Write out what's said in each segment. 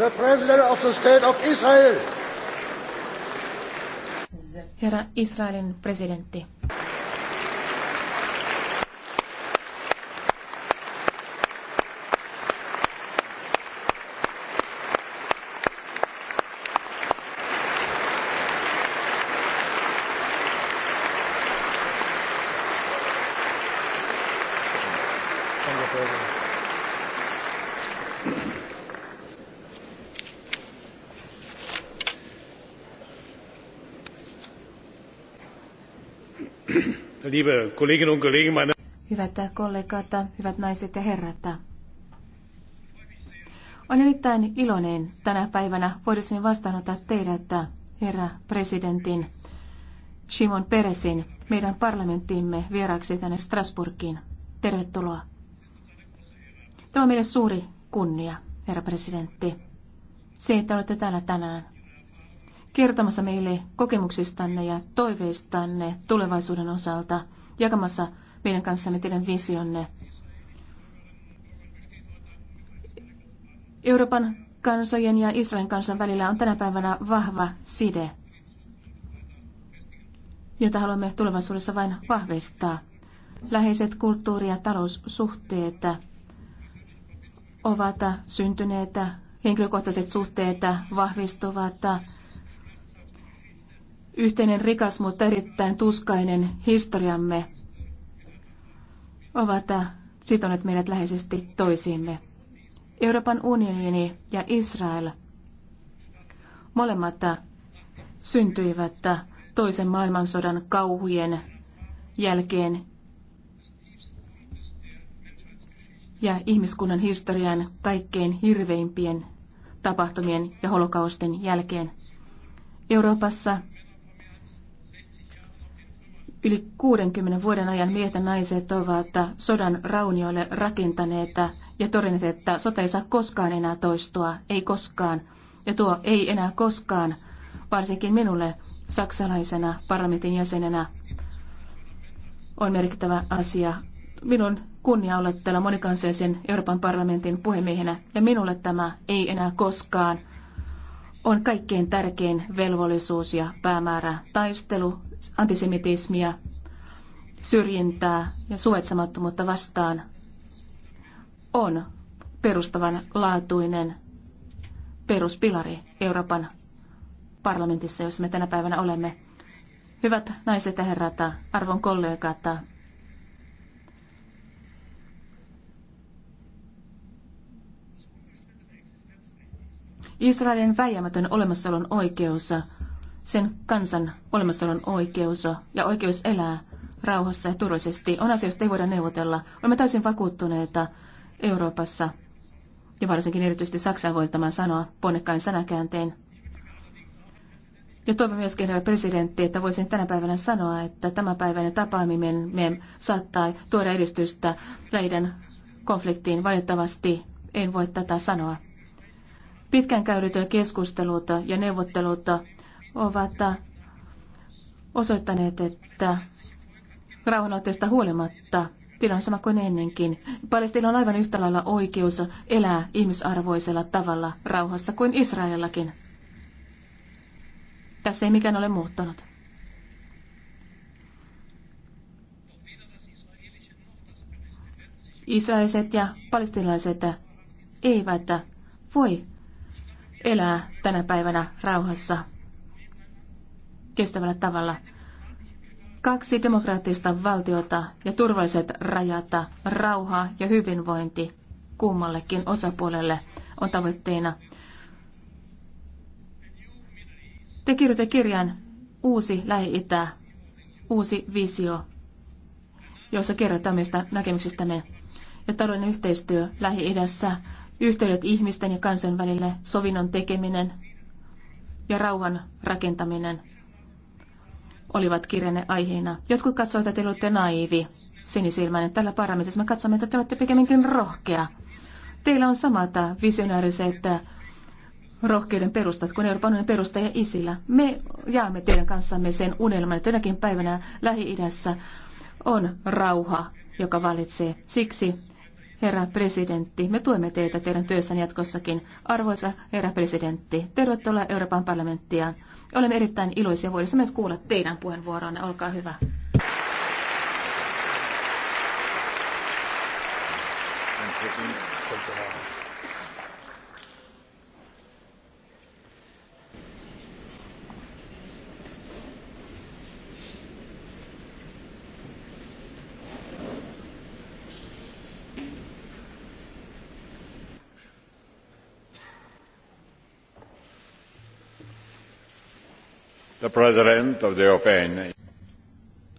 the President of the State of Israel. Herra Israelin presidentti. liebe Kolleginnen und Kollegen, meine Hyvät kollegat, hyvät naiset ja herrat. on erittäin iloinen tänä päivänä voidasin vastaanottaa teidät, herra presidentin Simon Peresin, meidän parlamenttiimme vieraaksi tänne Strasburgiin. Tervetuloa. Tämä on meille suuri kunnia, herra presidentti. Se, että olette täällä tänään kertomassa meille kokemuksistanne ja toiveistanne tulevaisuuden osalta, jakamassa meidän kanssamme teidän visionne. Euroopan kansojen ja Israelin kansan välillä on tänä päivänä vahva side, jota haluamme tulevaisuudessa vain vahvistaa. Läheiset kulttuuri- ja taloussuhteet ovat syntyneet, henkilökohtaiset suhteet vahvistuvat, yhteinen rikas, mutta erittäin tuskainen historiamme ovat sitoneet meidät läheisesti toisiimme. Euroopan unioni ja Israel molemmat syntyivät toisen maailmansodan kauhujen jälkeen ja ihmiskunnan historian kaikkein hirveimpien tapahtumien ja holokaustin jälkeen. Euroopassa Yli 60 vuoden ajan miehet ja naiset ovat sodan raunioille rakentaneet ja todenneet, että sota ei saa koskaan enää toistua, ei koskaan. Ja tuo ei enää koskaan, varsinkin minulle saksalaisena parlamentin jäsenenä, on merkittävä asia. Minun kunnia olla täällä monikansallisen Euroopan parlamentin puhemiehenä ja minulle tämä ei enää koskaan on kaikkein tärkein velvollisuus ja päämäärä taistelu antisemitismiä, syrjintää ja suetsemattomuutta vastaan on perustavanlaatuinen peruspilari Euroopan parlamentissa, jossa me tänä päivänä olemme. Hyvät naiset ja herrat, arvon kollegat, Israelin väijämätön olemassaolon oikeus sen kansan olemassaolon oikeus ja oikeus elää rauhassa ja turvallisesti on asia, josta ei voida neuvotella. Olemme täysin vakuuttuneita Euroopassa ja varsinkin erityisesti Saksan voittamaan sanoa ponnekkain sanakäänteen. Ja toivon myöskin, herra presidentti, että voisin tänä päivänä sanoa, että tämä päiväinen tapaaminen me saattaa tuoda edistystä leiden konfliktiin. Valitettavasti en voi tätä sanoa. Pitkään käydyt keskustelut ja neuvottelut ovat osoittaneet, että rauhanotteesta huolimatta tilanne sama kuin ennenkin. Palestiina on aivan yhtä lailla oikeus elää ihmisarvoisella tavalla rauhassa kuin Israelillakin. Tässä ei mikään ole muuttunut. Israeliset ja palestinaiset eivät voi elää tänä päivänä rauhassa kestävällä tavalla. Kaksi demokraattista valtiota ja turvalliset rajat, rauha ja hyvinvointi kummallekin osapuolelle on tavoitteena. Te kirjoitte kirjan Uusi Lähi-Itä, uusi visio, jossa kerrotaan meistä näkemyksistämme ja talouden yhteistyö Lähi-idässä, yhteydet ihmisten ja kansojen välille, sovinnon tekeminen ja rauhan rakentaminen – olivat kirjanne aiheena. Jotkut katsoivat, että te olette naivi, sinisilmäinen. Tällä parlamentissa me katsomme, että te olette pikemminkin rohkea. Teillä on samat visionääriset rohkeuden perustat kuin Euroopan unionin perustaja isillä. Me jaamme teidän kanssamme sen unelman, että jonakin päivänä Lähi-idässä on rauha, joka valitsee. Siksi herra presidentti, me tuemme teitä teidän työssänne jatkossakin. Arvoisa herra presidentti, tervetuloa Euroopan parlamenttiin. Olemme erittäin iloisia voidessamme nyt kuulla teidän puheenvuoronne. Olkaa hyvä. Thank you.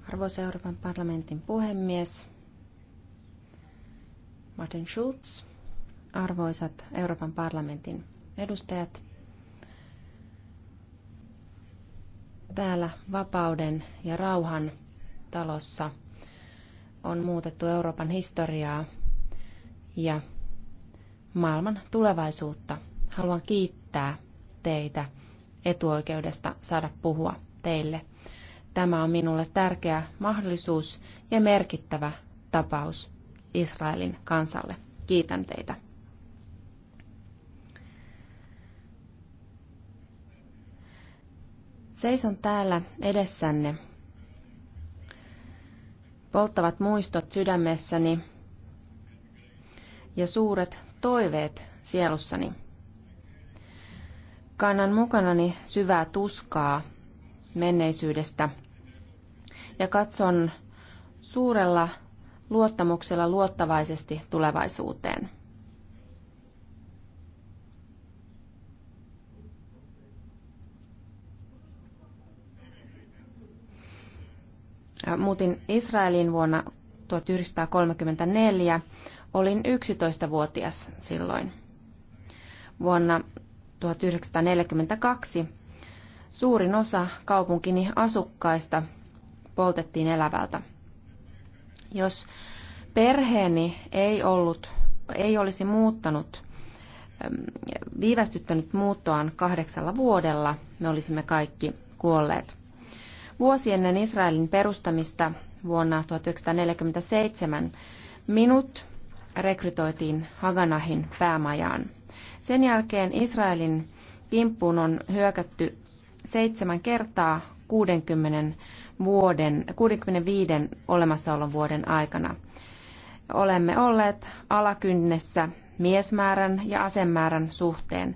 Arvoisa Euroopan parlamentin puhemies Martin Schulz, arvoisat Euroopan parlamentin edustajat, täällä vapauden ja rauhan talossa on muutettu Euroopan historiaa ja maailman tulevaisuutta. Haluan kiittää teitä etuoikeudesta saada puhua teille. Tämä on minulle tärkeä mahdollisuus ja merkittävä tapaus Israelin kansalle. Kiitän teitä. Seison täällä edessänne. Polttavat muistot sydämessäni ja suuret toiveet sielussani. Kannan mukanani syvää tuskaa menneisyydestä ja katson suurella luottamuksella luottavaisesti tulevaisuuteen. Muutin Israeliin vuonna 1934. Olin 11-vuotias silloin. Vuonna 1942 suurin osa kaupunkini asukkaista poltettiin elävältä. Jos perheeni ei, ollut, ei olisi muuttanut, viivästyttänyt muuttoaan kahdeksalla vuodella, me olisimme kaikki kuolleet. Vuosi ennen Israelin perustamista vuonna 1947 minut rekrytoitiin Haganahin päämajaan. Sen jälkeen Israelin kimppuun on hyökätty seitsemän kertaa 60 vuoden, 65 olemassaolon vuoden aikana. Olemme olleet alakynnessä miesmäärän ja asemäärän suhteen.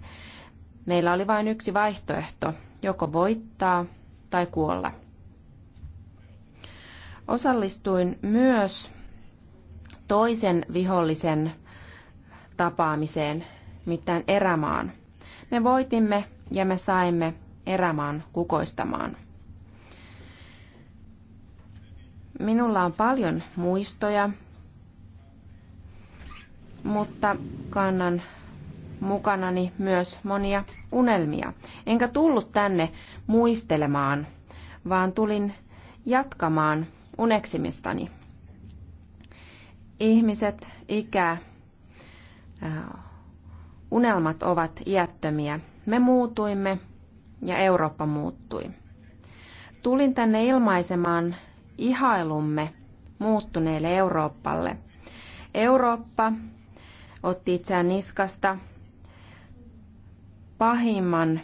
Meillä oli vain yksi vaihtoehto, joko voittaa tai kuolla. Osallistuin myös toisen vihollisen tapaamiseen mitään erämaan. Me voitimme ja me saimme erämaan kukoistamaan. Minulla on paljon muistoja, mutta kannan mukanani myös monia unelmia. Enkä tullut tänne muistelemaan, vaan tulin jatkamaan uneksimistani. Ihmiset, ikä, äh, Unelmat ovat iättömiä. Me muutuimme ja Eurooppa muuttui. Tulin tänne ilmaisemaan ihailumme muuttuneelle Euroopalle. Eurooppa otti itseään niskasta pahimman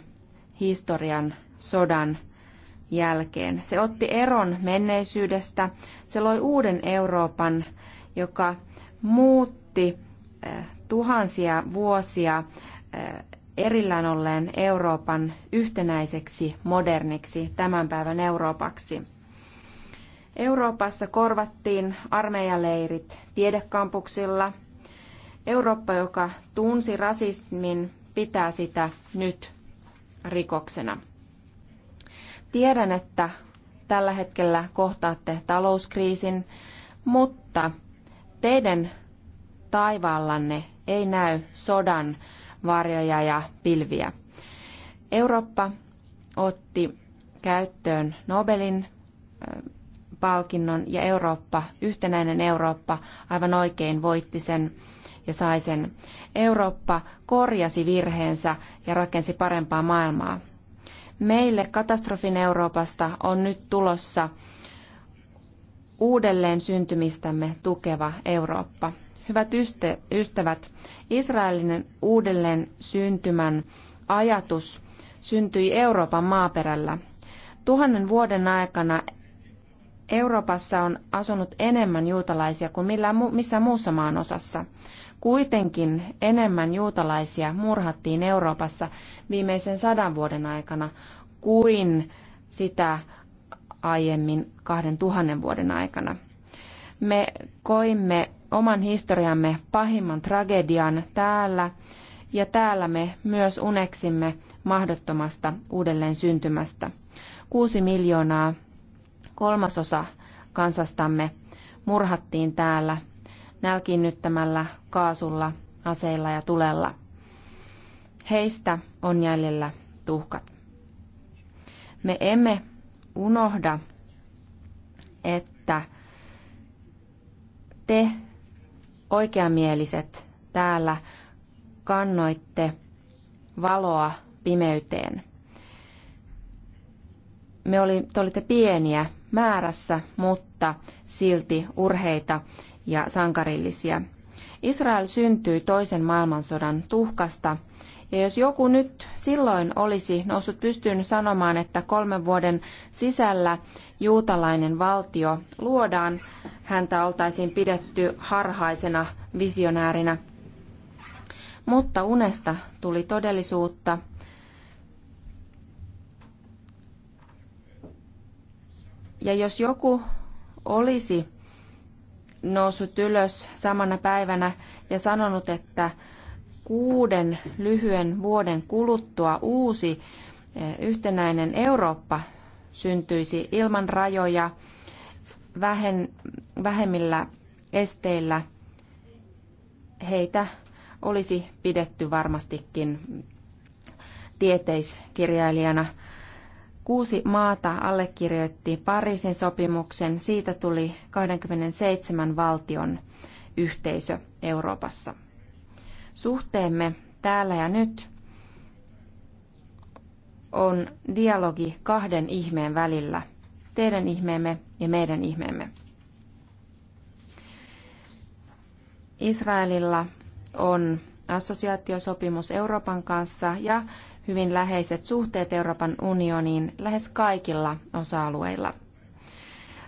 historian sodan jälkeen. Se otti eron menneisyydestä, se loi uuden Euroopan, joka muutti eh, tuhansia vuosia eh, erillään olleen Euroopan yhtenäiseksi, moderniksi, tämän päivän Euroopaksi. Euroopassa korvattiin armeijaleirit tiedekampuksilla. Eurooppa, joka tunsi rasismin, pitää sitä nyt rikoksena. Tiedän, että tällä hetkellä kohtaatte talouskriisin, mutta teidän taivaallanne ei näy sodan varjoja ja pilviä. Eurooppa otti käyttöön Nobelin palkinnon ja Eurooppa, yhtenäinen Eurooppa, aivan oikein voitti sen ja sai sen. Eurooppa korjasi virheensä ja rakensi parempaa maailmaa. Meille katastrofin Euroopasta on nyt tulossa uudelleen syntymistämme tukeva Eurooppa. Hyvät ystävät, israelinen uudelleen syntymän ajatus syntyi Euroopan maaperällä. Tuhannen vuoden aikana Euroopassa on asunut enemmän juutalaisia kuin millään missään muussa maan osassa. Kuitenkin enemmän juutalaisia murhattiin Euroopassa viimeisen sadan vuoden aikana kuin sitä aiemmin kahden tuhannen vuoden aikana. Me koimme oman historiamme pahimman tragedian täällä, ja täällä me myös uneksimme mahdottomasta uudelleen syntymästä. Kuusi miljoonaa, kolmasosa kansastamme murhattiin täällä nälkinnyttämällä kaasulla, aseilla ja tulella. Heistä on jäljellä tuhkat. Me emme unohda, että te oikeamieliset täällä kannoitte valoa pimeyteen. Me oli, te olitte pieniä määrässä, mutta silti urheita ja sankarillisia. Israel syntyi toisen maailmansodan tuhkasta ja jos joku nyt silloin olisi noussut pystyyn sanomaan, että kolmen vuoden sisällä juutalainen valtio luodaan, häntä oltaisiin pidetty harhaisena visionäärinä. Mutta unesta tuli todellisuutta. Ja jos joku olisi noussut ylös samana päivänä ja sanonut, että kuuden lyhyen vuoden kuluttua uusi eh, yhtenäinen Eurooppa syntyisi ilman rajoja, vähen, vähemmillä esteillä. Heitä olisi pidetty varmastikin tieteiskirjailijana. Kuusi maata allekirjoitti Pariisin sopimuksen. Siitä tuli 27 valtion yhteisö Euroopassa. Suhteemme täällä ja nyt on dialogi kahden ihmeen välillä, teidän ihmeemme ja meidän ihmeemme. Israelilla on assosiaatiosopimus Euroopan kanssa ja hyvin läheiset suhteet Euroopan unioniin lähes kaikilla osa-alueilla.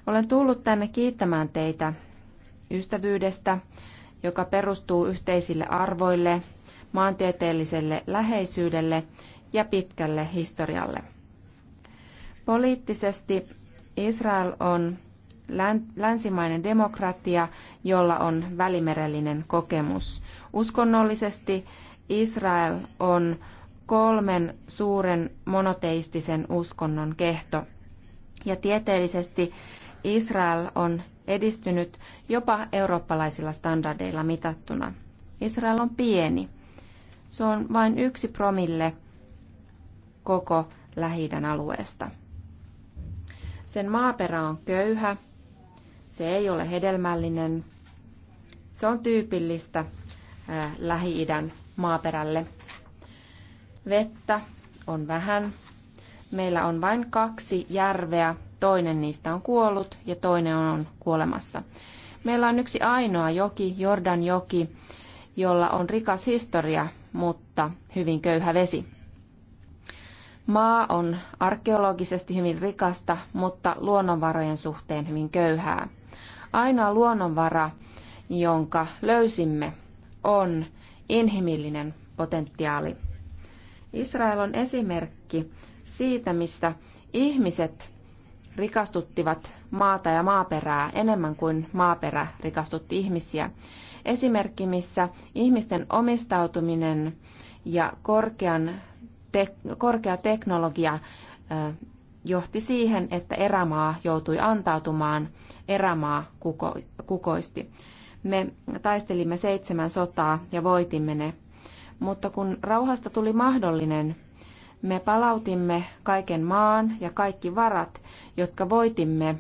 Olen tullut tänne kiittämään teitä ystävyydestä joka perustuu yhteisille arvoille, maantieteelliselle läheisyydelle ja pitkälle historialle. Poliittisesti Israel on länsimainen demokratia, jolla on välimerellinen kokemus. Uskonnollisesti Israel on kolmen suuren monoteistisen uskonnon kehto. Ja tieteellisesti Israel on edistynyt jopa eurooppalaisilla standardeilla mitattuna. Israel on pieni. Se on vain yksi promille koko lähi alueesta. Sen maaperä on köyhä, se ei ole hedelmällinen, se on tyypillistä Lähi-idän maaperälle. Vettä on vähän. Meillä on vain kaksi järveä toinen niistä on kuollut ja toinen on kuolemassa. Meillä on yksi ainoa joki, Jordan joki, jolla on rikas historia, mutta hyvin köyhä vesi. Maa on arkeologisesti hyvin rikasta, mutta luonnonvarojen suhteen hyvin köyhää. Ainoa luonnonvara, jonka löysimme, on inhimillinen potentiaali. Israel on esimerkki siitä, missä ihmiset rikastuttivat maata ja maaperää enemmän kuin maaperä rikastutti ihmisiä. Esimerkki, missä ihmisten omistautuminen ja korkean te- korkea teknologia ö, johti siihen, että erämaa joutui antautumaan, erämaa kuko- kukoisti. Me taistelimme seitsemän sotaa ja voitimme ne. Mutta kun rauhasta tuli mahdollinen, me palautimme kaiken maan ja kaikki varat, jotka voitimme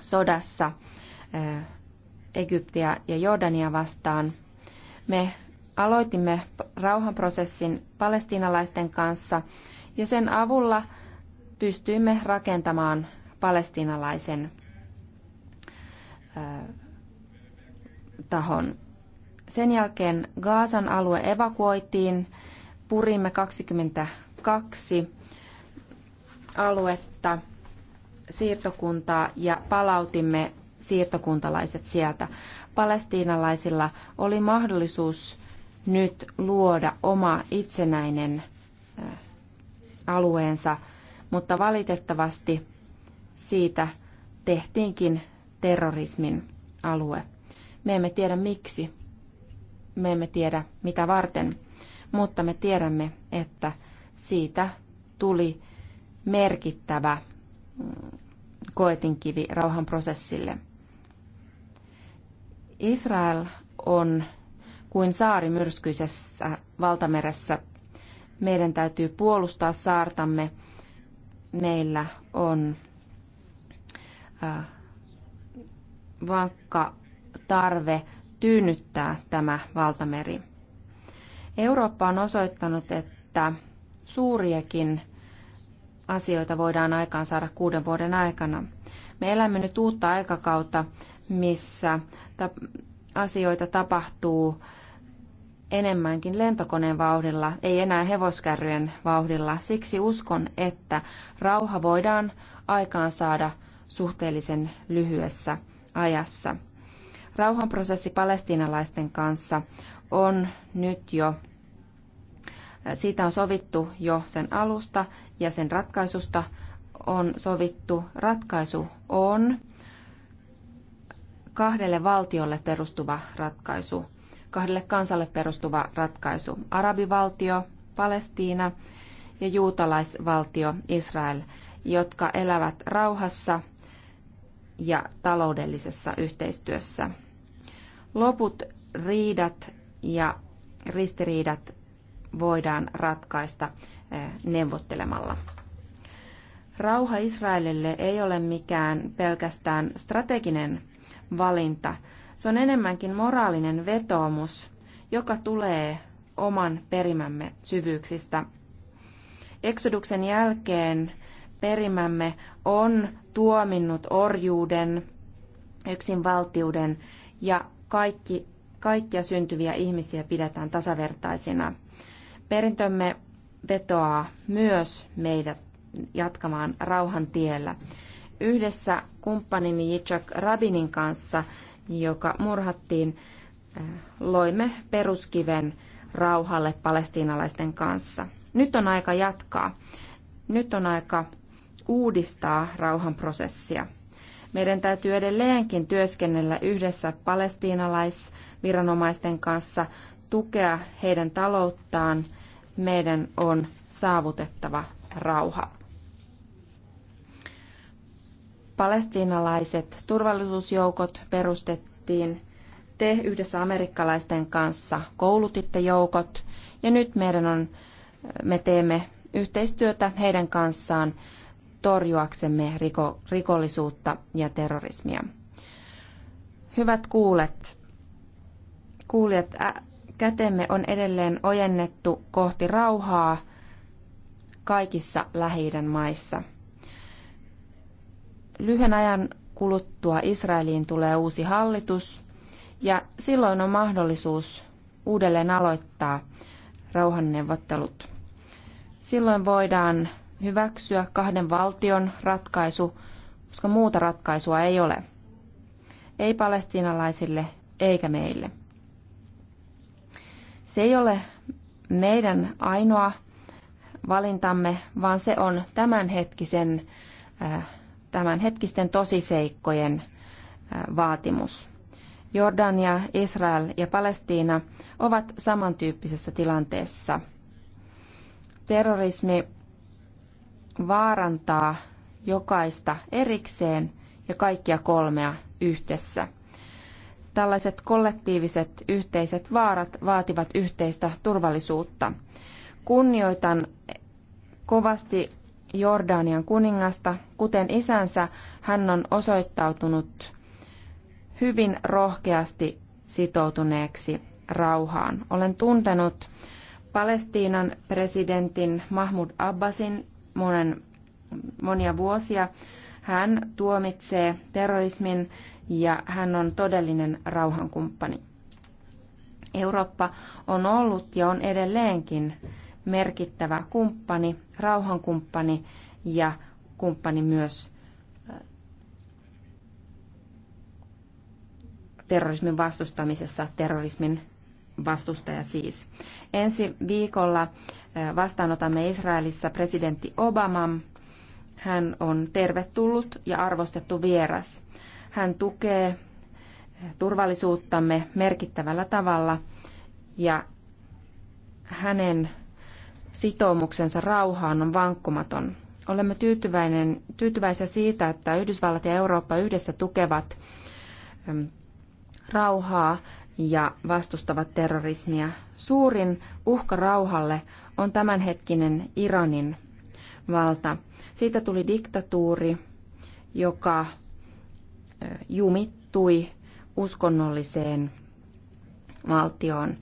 sodassa Egyptiä ja Jordania vastaan. Me aloitimme rauhanprosessin Palestinalaisten kanssa ja sen avulla pystyimme rakentamaan palestinalaisen tahon. Sen jälkeen Gaasan alue evakuoitiin, purimme 20 kaksi aluetta, siirtokuntaa ja palautimme siirtokuntalaiset sieltä. Palestiinalaisilla oli mahdollisuus nyt luoda oma itsenäinen alueensa, mutta valitettavasti siitä tehtiinkin terrorismin alue. Me emme tiedä miksi, me emme tiedä mitä varten, mutta me tiedämme, että siitä tuli merkittävä mm, koetinkivi rauhanprosessille. Israel on kuin saari myrskyisessä valtameressä. Meidän täytyy puolustaa saartamme. Meillä on äh, vankka tarve tyynnyttää tämä valtameri. Eurooppa on osoittanut, että suuriakin asioita voidaan aikaan saada kuuden vuoden aikana. Me elämme nyt uutta aikakautta, missä asioita tapahtuu enemmänkin lentokoneen vauhdilla, ei enää hevoskärryjen vauhdilla. Siksi uskon, että rauha voidaan aikaan saada suhteellisen lyhyessä ajassa. Rauhanprosessi palestiinalaisten kanssa on nyt jo siitä on sovittu jo sen alusta ja sen ratkaisusta on sovittu. Ratkaisu on kahdelle valtiolle perustuva ratkaisu, kahdelle kansalle perustuva ratkaisu. Arabivaltio, Palestiina ja juutalaisvaltio Israel, jotka elävät rauhassa ja taloudellisessa yhteistyössä. Loput riidat ja ristiriidat voidaan ratkaista eh, neuvottelemalla. Rauha Israelille ei ole mikään pelkästään strateginen valinta. Se on enemmänkin moraalinen vetoomus, joka tulee oman perimämme syvyyksistä. Eksoduksen jälkeen perimämme on tuominnut orjuuden, yksinvaltiuden ja kaikki, kaikkia syntyviä ihmisiä pidetään tasavertaisina. Perintömme vetoaa myös meidät jatkamaan rauhan tiellä. Yhdessä kumppanini Yitzhak Rabinin kanssa, joka murhattiin, äh, loimme peruskiven rauhalle palestiinalaisten kanssa. Nyt on aika jatkaa. Nyt on aika uudistaa rauhanprosessia. Meidän täytyy edelleenkin työskennellä yhdessä palestiinalaisviranomaisten kanssa, tukea heidän talouttaan meidän on saavutettava rauha. Palestiinalaiset turvallisuusjoukot perustettiin. Te yhdessä amerikkalaisten kanssa koulutitte joukot ja nyt meidän on, me teemme yhteistyötä heidän kanssaan torjuaksemme riko, rikollisuutta ja terrorismia. Hyvät kuulet, kuulijat, ä, kätemme on edelleen ojennettu kohti rauhaa kaikissa lähi maissa. Lyhyen ajan kuluttua Israeliin tulee uusi hallitus ja silloin on mahdollisuus uudelleen aloittaa rauhanneuvottelut. Silloin voidaan hyväksyä kahden valtion ratkaisu, koska muuta ratkaisua ei ole. Ei palestiinalaisille eikä meille. Se ei ole meidän ainoa valintamme, vaan se on tämänhetkisen, äh, tämänhetkisten tosiseikkojen äh, vaatimus. Jordania, Israel ja Palestiina ovat samantyyppisessä tilanteessa. Terrorismi vaarantaa jokaista erikseen ja kaikkia kolmea yhdessä. Tällaiset kollektiiviset yhteiset vaarat vaativat yhteistä turvallisuutta. Kunnioitan kovasti Jordanian kuningasta, kuten isänsä, hän on osoittautunut hyvin rohkeasti sitoutuneeksi rauhaan. Olen tuntenut Palestiinan presidentin Mahmud Abbasin monen, monia vuosia. Hän tuomitsee terrorismin ja hän on todellinen rauhankumppani. Eurooppa on ollut ja on edelleenkin merkittävä kumppani, rauhankumppani ja kumppani myös äh, terrorismin vastustamisessa, terrorismin vastustaja siis. Ensi viikolla äh, vastaanotamme Israelissa presidentti Obama. Hän on tervetullut ja arvostettu vieras. Hän tukee turvallisuuttamme merkittävällä tavalla ja hänen sitoumuksensa rauhaan on vankkumaton. Olemme tyytyväinen, tyytyväisiä siitä, että Yhdysvallat ja Eurooppa yhdessä tukevat rauhaa ja vastustavat terrorismia. Suurin uhka rauhalle on tämänhetkinen Iranin valta. Siitä tuli diktatuuri, joka jumittui uskonnolliseen valtioon.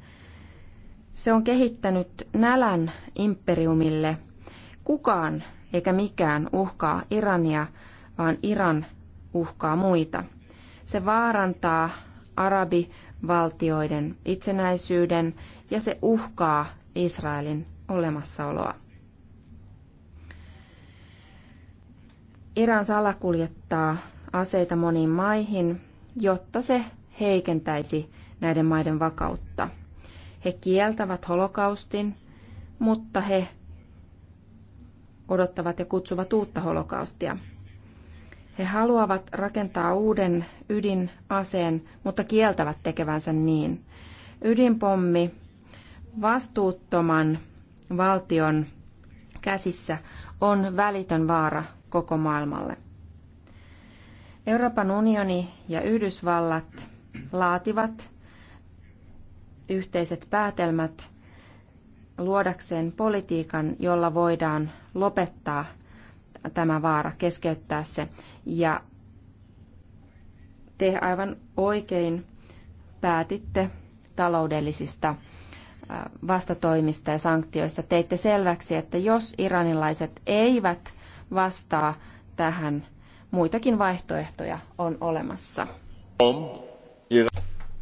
Se on kehittänyt nälän imperiumille. Kukaan eikä mikään uhkaa Irania, vaan Iran uhkaa muita. Se vaarantaa arabivaltioiden itsenäisyyden ja se uhkaa Israelin olemassaoloa. Iran salakuljettaa aseita moniin maihin, jotta se heikentäisi näiden maiden vakautta. He kieltävät holokaustin, mutta he odottavat ja kutsuvat uutta holokaustia. He haluavat rakentaa uuden ydinaseen, mutta kieltävät tekevänsä niin. Ydinpommi vastuuttoman valtion käsissä on välitön vaara koko maailmalle. Euroopan unioni ja Yhdysvallat laativat yhteiset päätelmät luodakseen politiikan, jolla voidaan lopettaa tämä vaara, keskeyttää se. Ja te aivan oikein päätitte taloudellisista vastatoimista ja sanktioista. Teitte selväksi, että jos iranilaiset eivät vastaa tähän muitakin vaihtoehtoja on olemassa.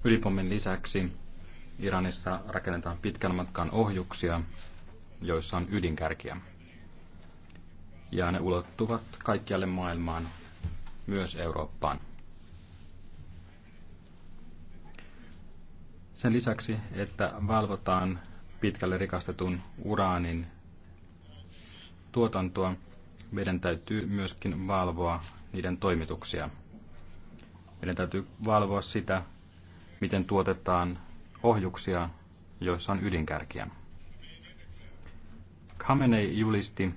Ylipommin lisäksi Iranissa rakennetaan pitkän matkan ohjuksia, joissa on ydinkärkiä. Ja ne ulottuvat kaikkialle maailmaan, myös Eurooppaan. Sen lisäksi, että valvotaan pitkälle rikastetun uraanin tuotantoa, meidän täytyy myöskin valvoa niiden toimituksia. Meidän täytyy valvoa sitä, miten tuotetaan ohjuksia, joissa on ydinkärkiä. Khamenei julisti,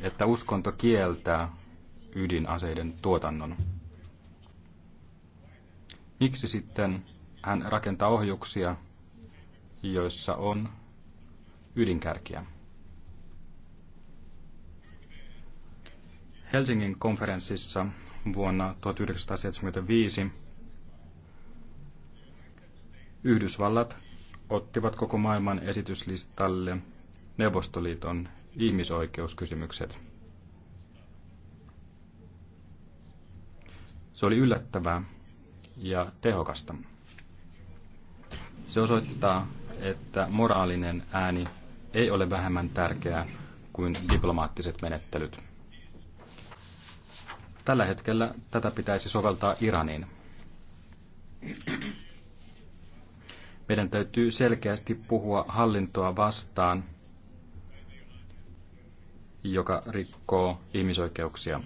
että uskonto kieltää ydinaseiden tuotannon. Miksi sitten hän rakentaa ohjuksia, joissa on ydinkärkiä? Helsingin konferenssissa vuonna 1975 Yhdysvallat ottivat koko maailman esityslistalle Neuvostoliiton ihmisoikeuskysymykset. Se oli yllättävää ja tehokasta. Se osoittaa, että moraalinen ääni ei ole vähemmän tärkeää kuin diplomaattiset menettelyt. Tällä hetkellä tätä pitäisi soveltaa Iraniin. Meidän täytyy selkeästi puhua hallintoa vastaan, joka rikkoo ihmisoikeuksia.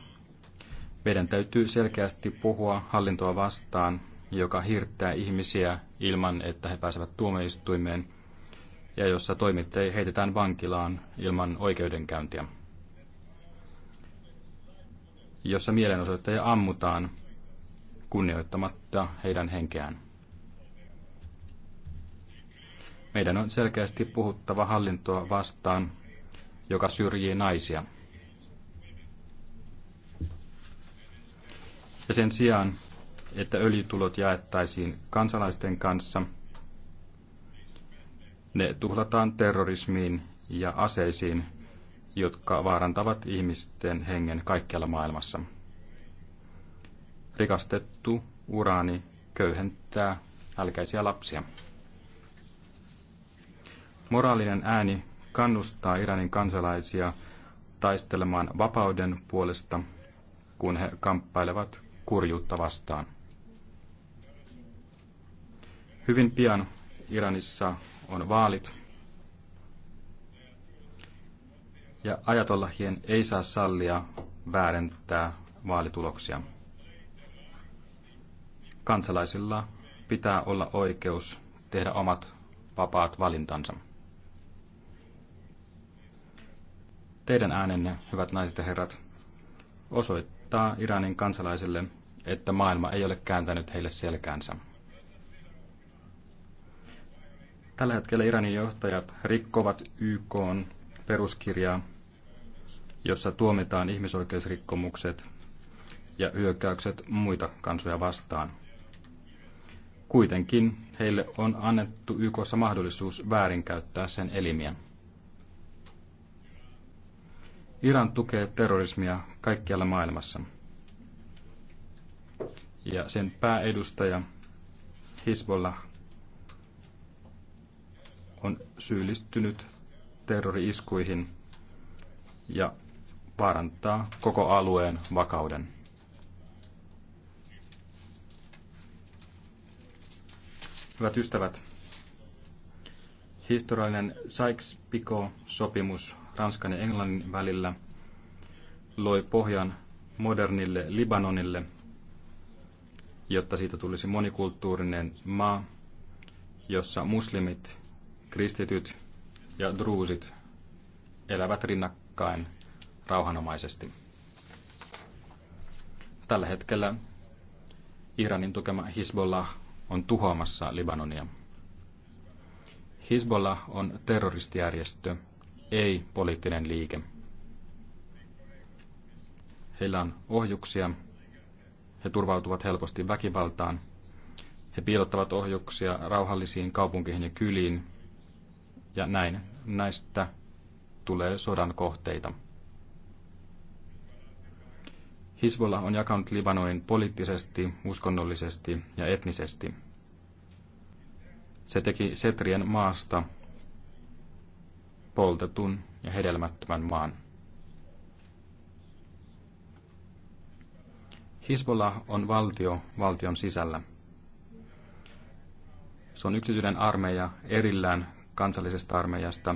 Meidän täytyy selkeästi puhua hallintoa vastaan, joka hirttää ihmisiä ilman, että he pääsevät tuomioistuimeen ja jossa toimittajia heitetään vankilaan ilman oikeudenkäyntiä jossa mielenosoittajia ammutaan kunnioittamatta heidän henkeään. Meidän on selkeästi puhuttava hallintoa vastaan, joka syrjii naisia. Ja sen sijaan, että öljytulot jaettaisiin kansalaisten kanssa, ne tuhlataan terrorismiin ja aseisiin, jotka vaarantavat ihmisten hengen kaikkialla maailmassa. Rikastettu uraani köyhentää älkäisiä lapsia. Moraalinen ääni kannustaa Iranin kansalaisia taistelemaan vapauden puolesta, kun he kamppailevat kurjuutta vastaan. Hyvin pian Iranissa on vaalit ja ajatollahien ei saa sallia väärentää vaalituloksia. Kansalaisilla pitää olla oikeus tehdä omat vapaat valintansa. Teidän äänenne, hyvät naiset ja herrat, osoittaa Iranin kansalaisille, että maailma ei ole kääntänyt heille selkäänsä. Tällä hetkellä Iranin johtajat rikkovat YK peruskirjaa, jossa tuomitaan ihmisoikeusrikkomukset ja hyökkäykset muita kansoja vastaan. Kuitenkin heille on annettu YKssa mahdollisuus väärinkäyttää sen elimiä. Iran tukee terrorismia kaikkialla maailmassa. Ja sen pääedustaja Hisbollah on syyllistynyt terrori-iskuihin ja vaarantaa koko alueen vakauden. Hyvät ystävät, historiallinen Sykes-Picot-sopimus Ranskan ja Englannin välillä loi pohjan modernille Libanonille, jotta siitä tulisi monikulttuurinen maa, jossa muslimit, kristityt ja druusit elävät rinnakkain rauhanomaisesti. Tällä hetkellä Iranin tukema Hezbollah on tuhoamassa Libanonia. Hezbollah on terroristijärjestö, ei poliittinen liike. Heillä on ohjuksia, he turvautuvat helposti väkivaltaan, he piilottavat ohjuksia rauhallisiin kaupunkeihin ja kyliin, ja näin näistä tulee sodan kohteita. Hisbollah on jakanut Libanonin poliittisesti, uskonnollisesti ja etnisesti. Se teki Setrien maasta poltetun ja hedelmättömän maan. Hisbollah on valtio valtion sisällä. Se on yksityinen armeija erillään kansallisesta armeijasta.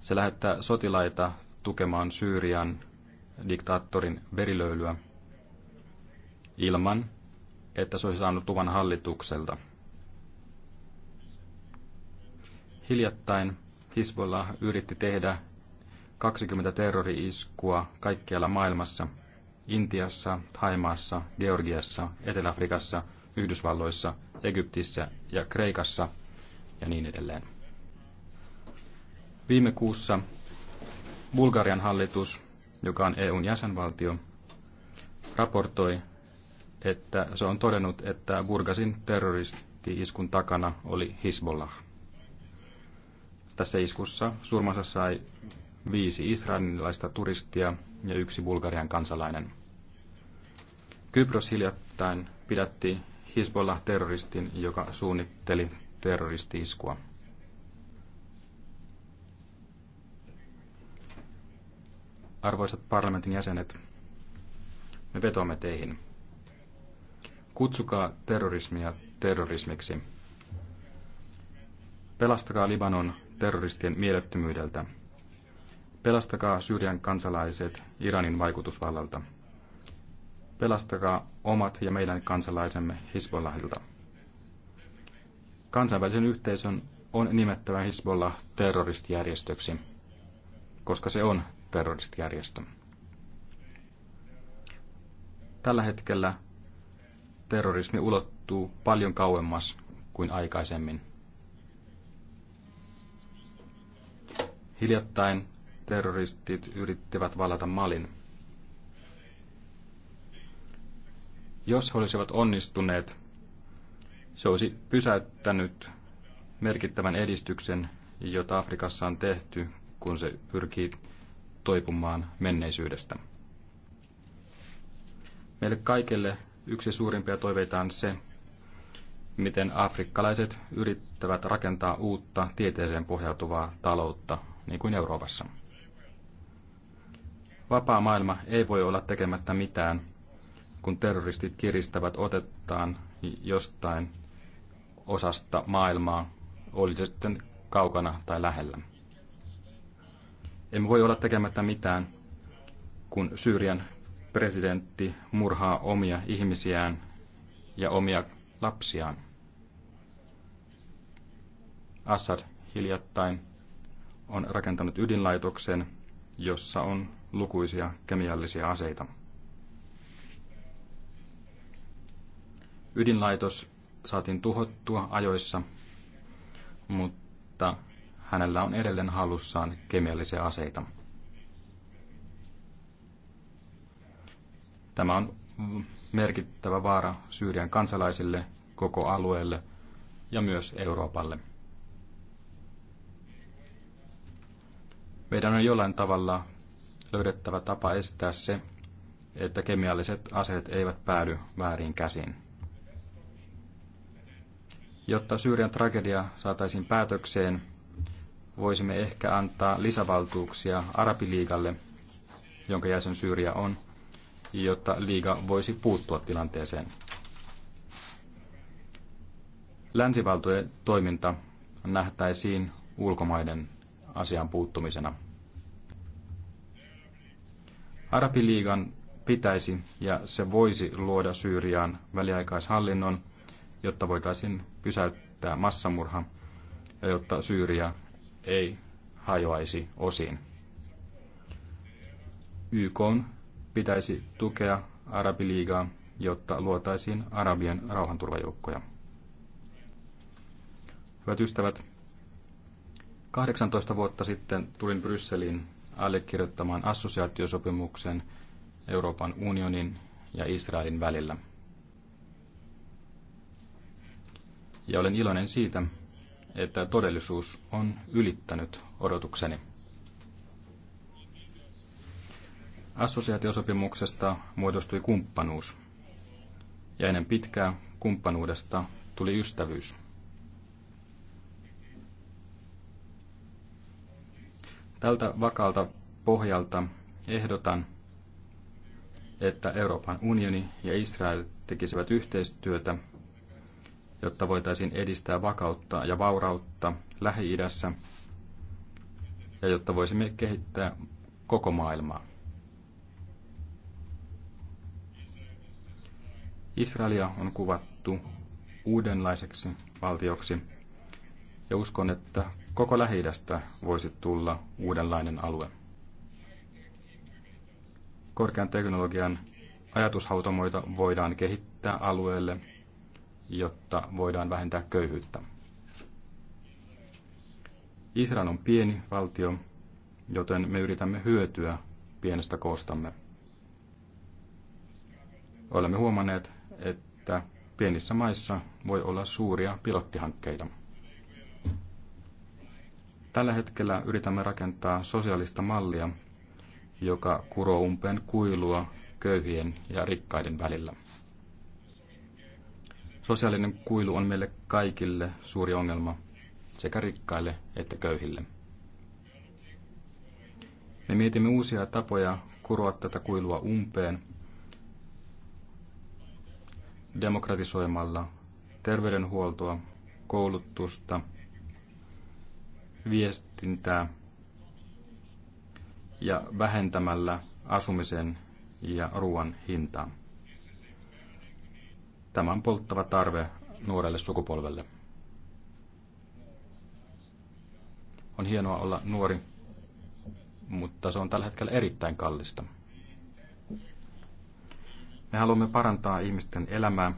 Se lähettää sotilaita tukemaan Syyrian diktaattorin verilöylyä ilman, että se olisi saanut luvan hallitukselta. Hiljattain Hisbollah yritti tehdä 20 terrori-iskua kaikkialla maailmassa, Intiassa, Thaimaassa, Georgiassa, Etelä-Afrikassa, Yhdysvalloissa, Egyptissä ja Kreikassa – ja niin edelleen. Viime kuussa Bulgarian hallitus, joka on EUn jäsenvaltio, raportoi, että se on todennut, että Burgasin terroristi-iskun takana oli Hisbollah. Tässä iskussa surmansa sai viisi israelilaista turistia ja yksi Bulgarian kansalainen. Kypros hiljattain pidätti Hisbollah-terroristin, joka suunnitteli terroristi-iskua. Arvoisat parlamentin jäsenet, me vetoamme teihin. Kutsukaa terrorismia terrorismiksi. Pelastakaa Libanon terroristien mielettömyydeltä. Pelastakaa Syyrian kansalaiset Iranin vaikutusvallalta. Pelastakaa omat ja meidän kansalaisemme Hisbollahilta kansainvälisen yhteisön on nimettävä hisbollah terroristijärjestöksi, koska se on terroristijärjestö. Tällä hetkellä terrorismi ulottuu paljon kauemmas kuin aikaisemmin. Hiljattain terroristit yrittivät valata Malin. Jos he olisivat onnistuneet, se olisi pysäyttänyt merkittävän edistyksen, jota Afrikassa on tehty, kun se pyrkii toipumaan menneisyydestä. Meille kaikille yksi suurimpia toiveita on se, miten afrikkalaiset yrittävät rakentaa uutta tieteeseen pohjautuvaa taloutta, niin kuin Euroopassa. Vapaa maailma ei voi olla tekemättä mitään, kun terroristit kiristävät otettaan jostain osasta maailmaa, oli se sitten kaukana tai lähellä. Emme voi olla tekemättä mitään, kun Syyrian presidentti murhaa omia ihmisiään ja omia lapsiaan. Assad hiljattain on rakentanut ydinlaitoksen, jossa on lukuisia kemiallisia aseita. Ydinlaitos saatiin tuhottua ajoissa, mutta hänellä on edelleen halussaan kemiallisia aseita. Tämä on merkittävä vaara Syyrian kansalaisille, koko alueelle ja myös Euroopalle. Meidän on jollain tavalla löydettävä tapa estää se, että kemialliset aseet eivät päädy väärin käsiin. Jotta Syyrian tragedia saataisiin päätökseen, voisimme ehkä antaa lisävaltuuksia Arabiliigalle, jonka jäsen Syyria on, jotta liiga voisi puuttua tilanteeseen. Länsivaltojen toiminta nähtäisiin ulkomaiden asian puuttumisena. Arabiliigan pitäisi ja se voisi luoda Syyriaan väliaikaishallinnon – jotta voitaisiin pysäyttää massamurha ja jotta Syyria ei hajoaisi osiin. YK pitäisi tukea Arabiliigaa, jotta luotaisiin Arabien rauhanturvajoukkoja. Hyvät ystävät, 18 vuotta sitten tulin Brysseliin allekirjoittamaan assosiaatiosopimuksen Euroopan unionin ja Israelin välillä – ja olen iloinen siitä, että todellisuus on ylittänyt odotukseni. Assosiaatiosopimuksesta muodostui kumppanuus, ja ennen pitkää kumppanuudesta tuli ystävyys. Tältä vakalta pohjalta ehdotan, että Euroopan unioni ja Israel tekisivät yhteistyötä jotta voitaisiin edistää vakautta ja vaurautta Lähi-idässä ja jotta voisimme kehittää koko maailmaa. Israelia on kuvattu uudenlaiseksi valtioksi ja uskon, että koko lähi voisi tulla uudenlainen alue. Korkean teknologian ajatushautomoita voidaan kehittää alueelle – jotta voidaan vähentää köyhyyttä. Israel on pieni valtio, joten me yritämme hyötyä pienestä koostamme. Olemme huomanneet, että pienissä maissa voi olla suuria pilottihankkeita. Tällä hetkellä yritämme rakentaa sosiaalista mallia, joka kuroo umpeen kuilua köyhien ja rikkaiden välillä. Sosiaalinen kuilu on meille kaikille suuri ongelma, sekä rikkaille että köyhille. Me mietimme uusia tapoja kuroa tätä kuilua umpeen demokratisoimalla terveydenhuoltoa, koulutusta, viestintää ja vähentämällä asumisen ja ruoan hintaa. Tämä on polttava tarve nuorelle sukupolvelle. On hienoa olla nuori, mutta se on tällä hetkellä erittäin kallista. Me haluamme parantaa ihmisten elämää.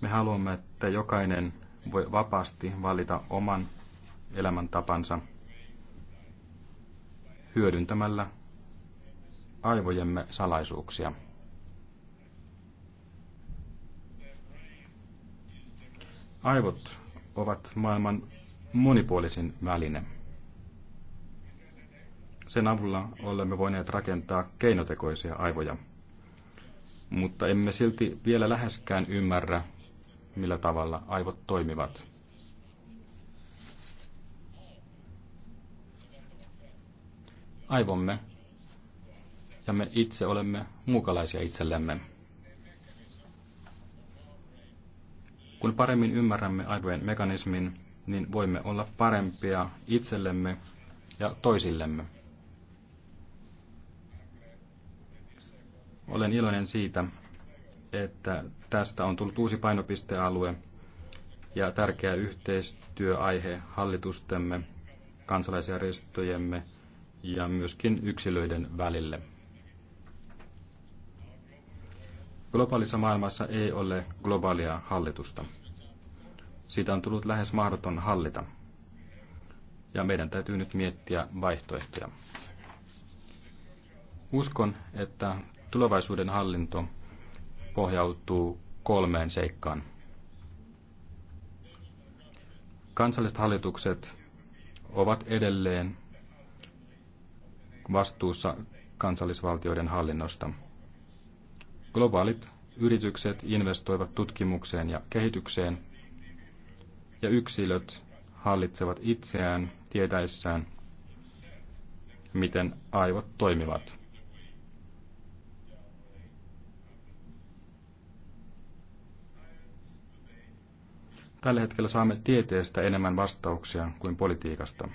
Me haluamme, että jokainen voi vapaasti valita oman elämäntapansa hyödyntämällä aivojemme salaisuuksia. Aivot ovat maailman monipuolisin väline. Sen avulla olemme voineet rakentaa keinotekoisia aivoja. Mutta emme silti vielä läheskään ymmärrä, millä tavalla aivot toimivat. Aivomme ja me itse olemme muukalaisia itsellemme. Kun paremmin ymmärrämme aivojen mekanismin, niin voimme olla parempia itsellemme ja toisillemme. Olen iloinen siitä, että tästä on tullut uusi painopistealue ja tärkeä yhteistyöaihe hallitustemme, kansalaisjärjestöjemme ja myöskin yksilöiden välille. Globaalissa maailmassa ei ole globaalia hallitusta. Siitä on tullut lähes mahdoton hallita. Ja meidän täytyy nyt miettiä vaihtoehtoja. Uskon, että tulevaisuuden hallinto pohjautuu kolmeen seikkaan. Kansalliset hallitukset ovat edelleen vastuussa kansallisvaltioiden hallinnosta – Globaalit yritykset investoivat tutkimukseen ja kehitykseen, ja yksilöt hallitsevat itseään tietäessään, miten aivot toimivat. Tällä hetkellä saamme tieteestä enemmän vastauksia kuin politiikasta.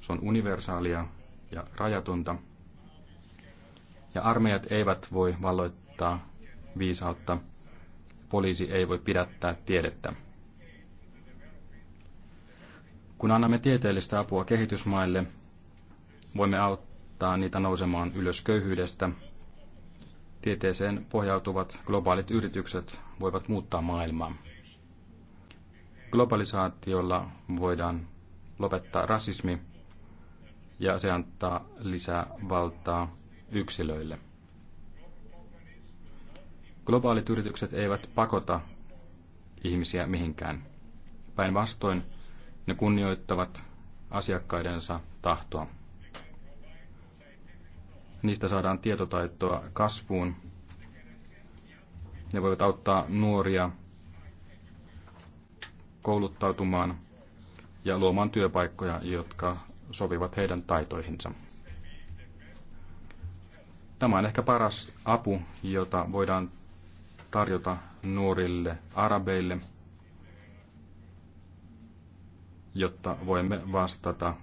Se on universaalia ja rajatonta, ja armeijat eivät voi valloittaa osoittaa viisautta. Poliisi ei voi pidättää tiedettä. Kun annamme tieteellistä apua kehitysmaille, voimme auttaa niitä nousemaan ylös köyhyydestä. Tieteeseen pohjautuvat globaalit yritykset voivat muuttaa maailmaa. Globalisaatiolla voidaan lopettaa rasismi ja se antaa lisää valtaa yksilöille. Globaalit yritykset eivät pakota ihmisiä mihinkään. Päinvastoin ne kunnioittavat asiakkaidensa tahtoa. Niistä saadaan tietotaitoa kasvuun. Ne voivat auttaa nuoria kouluttautumaan ja luomaan työpaikkoja, jotka sopivat heidän taitoihinsa. Tämä on ehkä paras apu, jota voidaan tarjota nuorille arabeille, jotta voimme vastata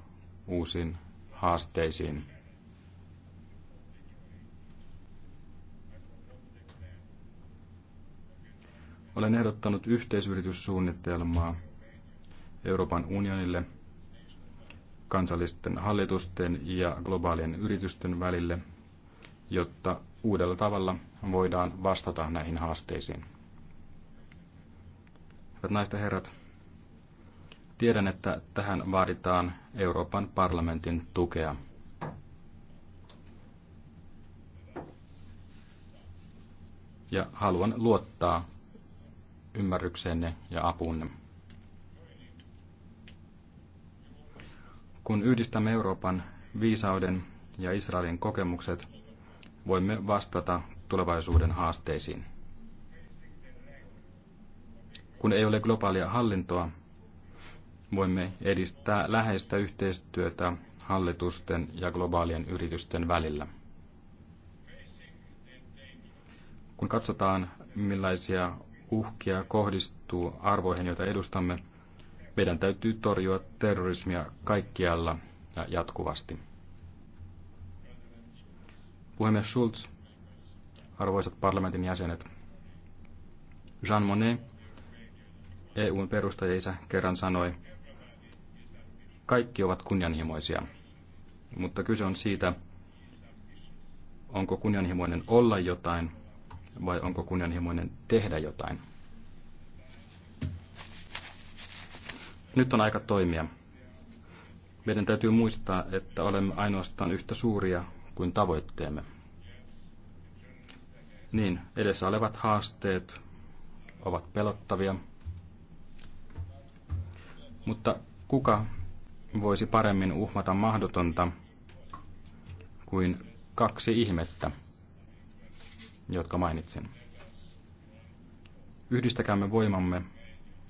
uusiin haasteisiin. Olen ehdottanut yhteisyrityssuunnitelmaa Euroopan unionille kansallisten hallitusten ja globaalien yritysten välille, jotta uudella tavalla voidaan vastata näihin haasteisiin. Hyvät naiset ja herrat, tiedän, että tähän vaaditaan Euroopan parlamentin tukea. Ja haluan luottaa ymmärrykseenne ja apuunne. Kun yhdistämme Euroopan viisauden ja Israelin kokemukset, voimme vastata tulevaisuuden haasteisiin. Kun ei ole globaalia hallintoa, voimme edistää läheistä yhteistyötä hallitusten ja globaalien yritysten välillä. Kun katsotaan, millaisia uhkia kohdistuu arvoihin, joita edustamme, meidän täytyy torjua terrorismia kaikkialla ja jatkuvasti. Puhemies Schulz, arvoisat parlamentin jäsenet. Jean Monnet, EUn perustajaisä, kerran sanoi, kaikki ovat kunnianhimoisia, mutta kyse on siitä, onko kunnianhimoinen olla jotain vai onko kunnianhimoinen tehdä jotain. Nyt on aika toimia. Meidän täytyy muistaa, että olemme ainoastaan yhtä suuria kuin tavoitteemme. Niin, edessä olevat haasteet ovat pelottavia. Mutta kuka voisi paremmin uhmata mahdotonta kuin kaksi ihmettä, jotka mainitsin? Yhdistäkäämme voimamme,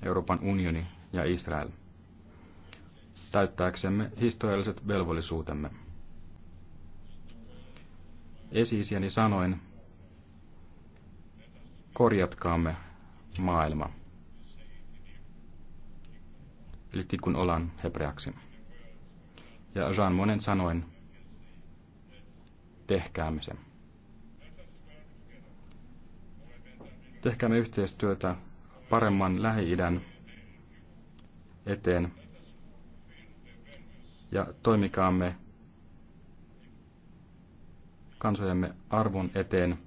Euroopan unioni ja Israel, täyttääksemme historialliset velvollisuutemme. Esiisieni sanoin, korjatkaamme maailma. Eli tikun olan hebreaksi. Ja Jean Monen sanoin tehkäämme sen. Tehkäämme yhteistyötä paremman Lähi-idän eteen ja toimikaamme kansojemme arvon eteen –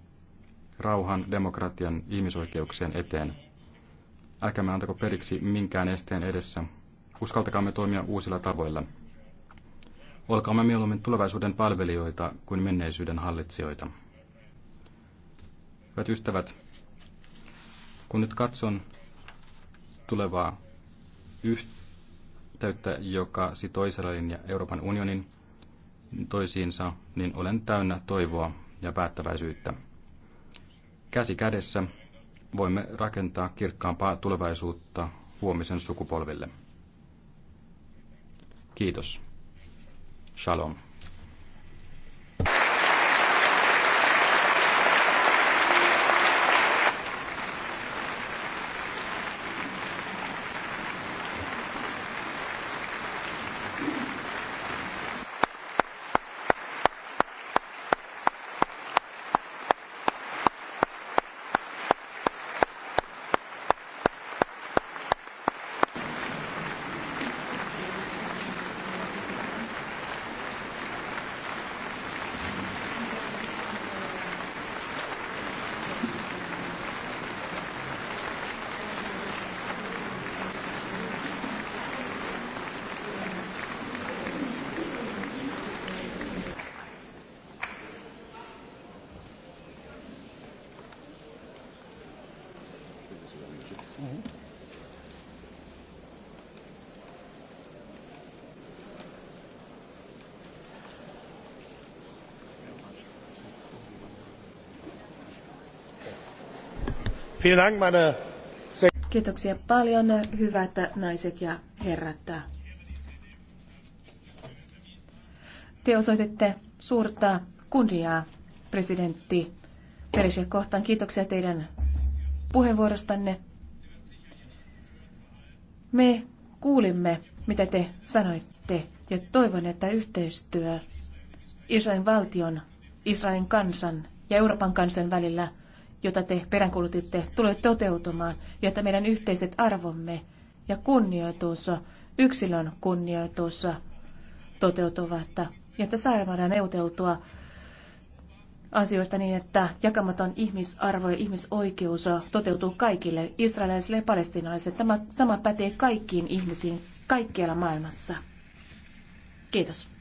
rauhan, demokratian, ihmisoikeuksien eteen. Älkäämme antako periksi minkään esteen edessä. Uskaltakaamme toimia uusilla tavoilla. Olkaamme mieluummin tulevaisuuden palvelijoita kuin menneisyyden hallitsijoita. Hyvät ystävät, kun nyt katson tulevaa yhteyttä, joka sitoo Israelin ja Euroopan unionin toisiinsa, niin olen täynnä toivoa ja päättäväisyyttä käsi kädessä voimme rakentaa kirkkaampaa tulevaisuutta huomisen sukupolville. Kiitos. Shalom. Kiitoksia paljon, hyvät naiset ja herrat. Te osoitette suurta kunniaa presidentti Perisiä kohtaan. Kiitoksia teidän puheenvuorostanne. Me kuulimme, mitä te sanoitte, ja toivon, että yhteistyö Israelin valtion, Israelin kansan ja Euroopan kansan välillä – jota te peräänkuulutitte, tulee toteutumaan, ja että meidän yhteiset arvomme ja kunnioitus, yksilön kunnioitus toteutuvat, ja että saadaan neuvoteltua asioista niin, että jakamaton ihmisarvo ja ihmisoikeus toteutuu kaikille, israelilaisille ja palestinaisille. Tämä sama pätee kaikkiin ihmisiin kaikkialla maailmassa. Kiitos.